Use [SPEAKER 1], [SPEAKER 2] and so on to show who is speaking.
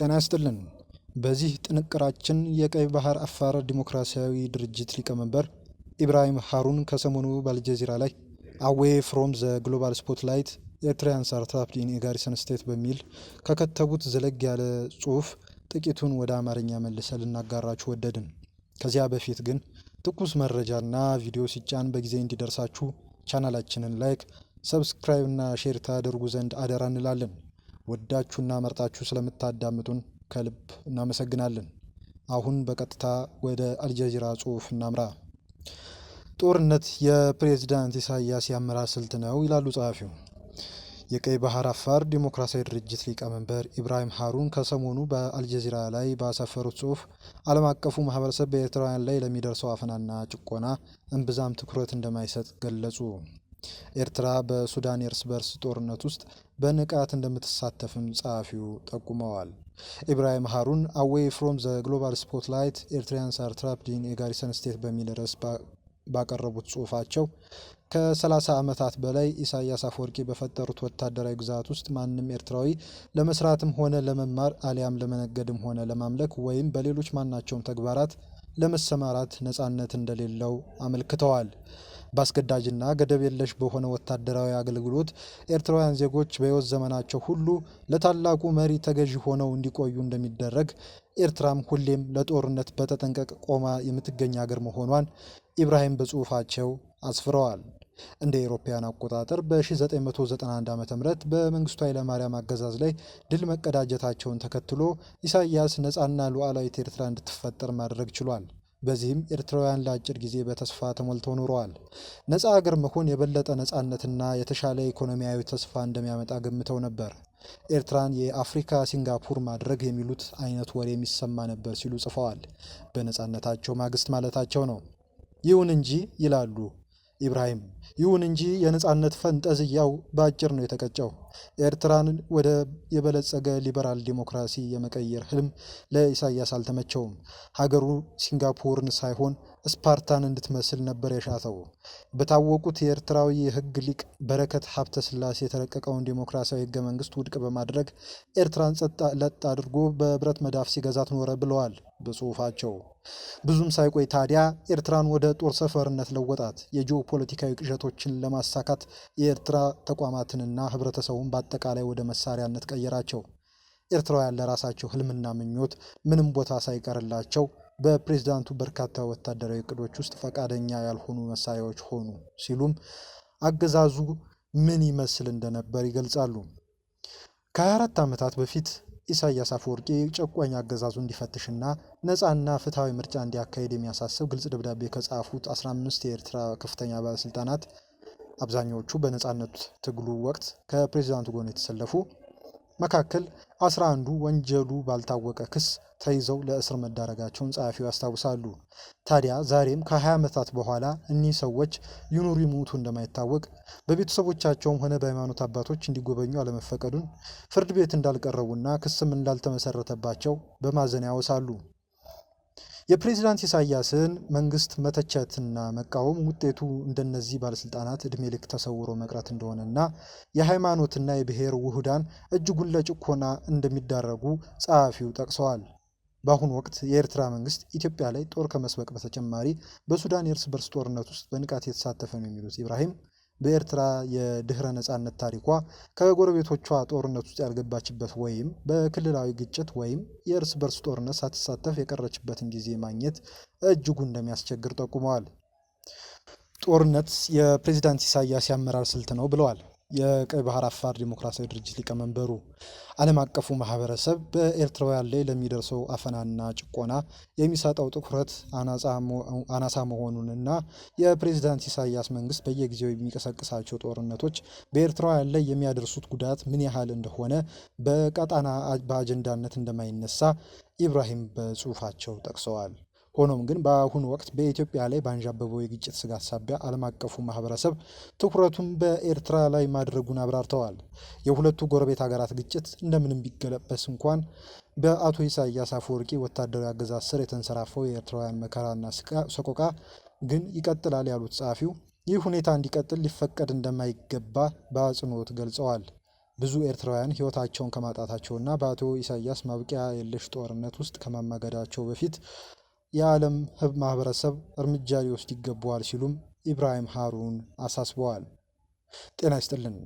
[SPEAKER 1] ጤና ይስጥልን። በዚህ ጥንቅራችን የቀይ ባህር አፋር ዲሞክራሲያዊ ድርጅት ሊቀመንበር ኢብራሂም ሃሩን ከሰሞኑ በአልጀዚራ ላይ አዌ ፍሮም ዘ ግሎባል ስፖትላይት ኤርትራውያንስ አር ኢን ጋሪሰን ስቴት በሚል ከከተቡት ዘለግ ያለ ጽሑፍ ጥቂቱን ወደ አማርኛ መልሰ ልናጋራችሁ ወደድን። ከዚያ በፊት ግን ትኩስ መረጃና ቪዲዮ ሲጫን በጊዜ እንዲደርሳችሁ ቻናላችንን ላይክ፣ ሰብስክራይብ እና ሼር ታደርጉ ዘንድ አደራ እንላለን። ወዳችሁና መርጣችሁ ስለምታዳምጡን ከልብ እናመሰግናለን። አሁን በቀጥታ ወደ አልጀዚራ ጽሑፍ እናምራ። ጦርነት የፕሬዝዳንት ኢሳያስ የአመራር ስልት ነው ይላሉ ጸሐፊው። የቀይ ባህር አፋር ዲሞክራሲያዊ ድርጅት ሊቀመንበር ኢብራሂም ሀሩን ከሰሞኑ በአልጀዚራ ላይ ባሰፈሩት ጽሑፍ ዓለም አቀፉ ማህበረሰብ በኤርትራውያን ላይ ለሚደርሰው አፈናና ጭቆና እምብዛም ትኩረት እንደማይሰጥ ገለጹ። ኤርትራ በሱዳን የእርስ በርስ ጦርነት ውስጥ በንቃት እንደምትሳተፍም ጸሐፊው ጠቁመዋል። ኢብራሂም ሃሩን አዌይ ፍሮም ዘ ግሎባል ስፖትላይት ኤርትሪያንስ አር ትራፕድ ኢን የጋሪሰን ስቴት በሚል ርዕስ ባቀረቡት ጽሑፋቸው ከ30 ዓመታት በላይ ኢሳያስ አፈወርቂ በፈጠሩት ወታደራዊ ግዛት ውስጥ ማንም ኤርትራዊ ለመስራትም ሆነ ለመማር አሊያም ለመነገድም ሆነ ለማምለክ ወይም በሌሎች ማናቸውም ተግባራት ለመሰማራት ነጻነት እንደሌለው አመልክተዋል። በአስገዳጅና ገደብ የለሽ በሆነ ወታደራዊ አገልግሎት ኤርትራውያን ዜጎች በሕይወት ዘመናቸው ሁሉ ለታላቁ መሪ ተገዢ ሆነው እንዲቆዩ እንደሚደረግ ኤርትራም ሁሌም ለጦርነት በተጠንቀቅ ቆማ የምትገኝ ሀገር መሆኗን ኢብራሂም በጽሑፋቸው አስፍረዋል። እንደ አውሮፓውያን አቆጣጠር በ1991 ዓ ም በመንግስቱ ኃይለማርያም አገዛዝ ላይ ድል መቀዳጀታቸውን ተከትሎ ኢሳያስ ነፃና ሉዓላዊት ኤርትራ እንድትፈጠር ማድረግ ችሏል። በዚህም ኤርትራውያን ለአጭር ጊዜ በተስፋ ተሞልተው ኑረዋል። ነፃ አገር መሆን የበለጠ ነፃነትና የተሻለ ኢኮኖሚያዊ ተስፋ እንደሚያመጣ ገምተው ነበር። ኤርትራን የአፍሪካ ሲንጋፑር ማድረግ የሚሉት አይነት ወሬ የሚሰማ ነበር ሲሉ ጽፈዋል። በነፃነታቸው ማግስት ማለታቸው ነው። ይሁን እንጂ ይላሉ ኢብራሂም። ይሁን እንጂ የነፃነት ፈንጠዝያው በአጭር ነው የተቀጨው። ኤርትራን ወደ የበለጸገ ሊበራል ዲሞክራሲ የመቀየር ህልም ለኢሳያስ አልተመቸውም። ሀገሩ ሲንጋፖርን ሳይሆን ስፓርታን እንድትመስል ነበር የሻተው። በታወቁት የኤርትራዊ የህግ ሊቅ በረከት ሀብተ ስላሴ የተረቀቀውን ዲሞክራሲያዊ ህገ መንግስት ውድቅ በማድረግ ኤርትራን ጸጥ ለጥ አድርጎ በብረት መዳፍ ሲገዛት ኖረ ብለዋል በጽሁፋቸው። ብዙም ሳይቆይ ታዲያ ኤርትራን ወደ ጦር ሰፈርነት ለወጣት። የጂኦ ፖለቲካዊ ቅዠቶችን ለማሳካት የኤርትራ ተቋማትንና ህብረተሰቡን በአጠቃላይ ወደ መሳሪያነት ቀየራቸው። ኤርትራውያን ለራሳቸው ህልምና ምኞት ምንም ቦታ ሳይቀርላቸው በፕሬዝዳንቱ በርካታ ወታደራዊ እቅዶች ውስጥ ፈቃደኛ ያልሆኑ መሳሪያዎች ሆኑ ሲሉም አገዛዙ ምን ይመስል እንደነበር ይገልጻሉ። ከ24 ዓመታት በፊት ኢሳያስ አፈወርቂ ጨቋኝ አገዛዙ እንዲፈትሽና ነፃና ፍትሐዊ ምርጫ እንዲያካሄድ የሚያሳስብ ግልጽ ደብዳቤ ከጻፉት 15 የኤርትራ ከፍተኛ ባለስልጣናት አብዛኛዎቹ በነፃነት ትግሉ ወቅት ከፕሬዚዳንቱ ጎን የተሰለፉ መካከል አስራ አንዱ ወንጀሉ ባልታወቀ ክስ ተይዘው ለእስር መዳረጋቸውን ጸሐፊው ያስታውሳሉ። ታዲያ ዛሬም ከ20 ዓመታት በኋላ እኒህ ሰዎች ይኑሩ ይሙቱ እንደማይታወቅ በቤተሰቦቻቸውም ሆነ በሃይማኖት አባቶች እንዲጎበኙ አለመፈቀዱን፣ ፍርድ ቤት እንዳልቀረቡና ክስም እንዳልተመሰረተባቸው በማዘን ያወሳሉ። የፕሬዚዳንት ኢሳያስን መንግስት መተቸትና መቃወም ውጤቱ እንደነዚህ ባለስልጣናት እድሜ ልክ ተሰውሮ መቅረት እንደሆነና የሃይማኖትና የብሔር ውሁዳን እጅጉን ለጭኮና እንደሚዳረጉ ጸሐፊው ጠቅሰዋል። በአሁኑ ወቅት የኤርትራ መንግስት ኢትዮጵያ ላይ ጦር ከመስበቅ በተጨማሪ በሱዳን የእርስ በርስ ጦርነት ውስጥ በንቃት የተሳተፈ ነው የሚሉት ኢብራሂም በኤርትራ የድህረ ነጻነት ታሪኳ ከጎረቤቶቿ ጦርነት ውስጥ ያልገባችበት ወይም በክልላዊ ግጭት ወይም የእርስ በርስ ጦርነት ሳትሳተፍ የቀረችበትን ጊዜ ማግኘት እጅጉ እንደሚያስቸግር ጠቁመዋል። ጦርነት የፕሬዚዳንት ኢሳያስ የአመራር ስልት ነው ብለዋል። የቀይ ባህር አፋር ዲሞክራሲያዊ ድርጅት ሊቀመንበሩ ዓለም አቀፉ ማህበረሰብ በኤርትራውያን ላይ ለሚደርሰው አፈናና ጭቆና የሚሰጠው ትኩረት አናሳ መሆኑንና የፕሬዚዳንት ኢሳያስ መንግስት በየጊዜው የሚቀሰቅሳቸው ጦርነቶች በኤርትራውያን ላይ የሚያደርሱት ጉዳት ምን ያህል እንደሆነ በቀጣና በአጀንዳነት እንደማይነሳ ኢብራሂም በጽሁፋቸው ጠቅሰዋል። ሆኖም ግን በአሁኑ ወቅት በኢትዮጵያ ላይ ባንዣበበው የግጭት ስጋት ሳቢያ ዓለም አቀፉ ማህበረሰብ ትኩረቱን በኤርትራ ላይ ማድረጉን አብራርተዋል። የሁለቱ ጎረቤት ሀገራት ግጭት እንደምንም ቢገለበስ እንኳን በአቶ ኢሳያስ አፈወርቂ ወታደራዊ አገዛዝ ስር የተንሰራፈው የኤርትራውያን መከራና ሰቆቃ ግን ይቀጥላል ያሉት ጸሐፊው ይህ ሁኔታ እንዲቀጥል ሊፈቀድ እንደማይገባ በአጽንኦት ገልጸዋል። ብዙ ኤርትራውያን ህይወታቸውን ከማጣታቸውና በአቶ ኢሳያስ ማብቂያ የለሽ ጦርነት ውስጥ ከማማገዳቸው በፊት የዓለም ህብ ማህበረሰብ እርምጃ ሊወስድ ይገባዋል ሲሉም ኢብራሂም ሃሩን አሳስበዋል። ጤና ይስጥልን።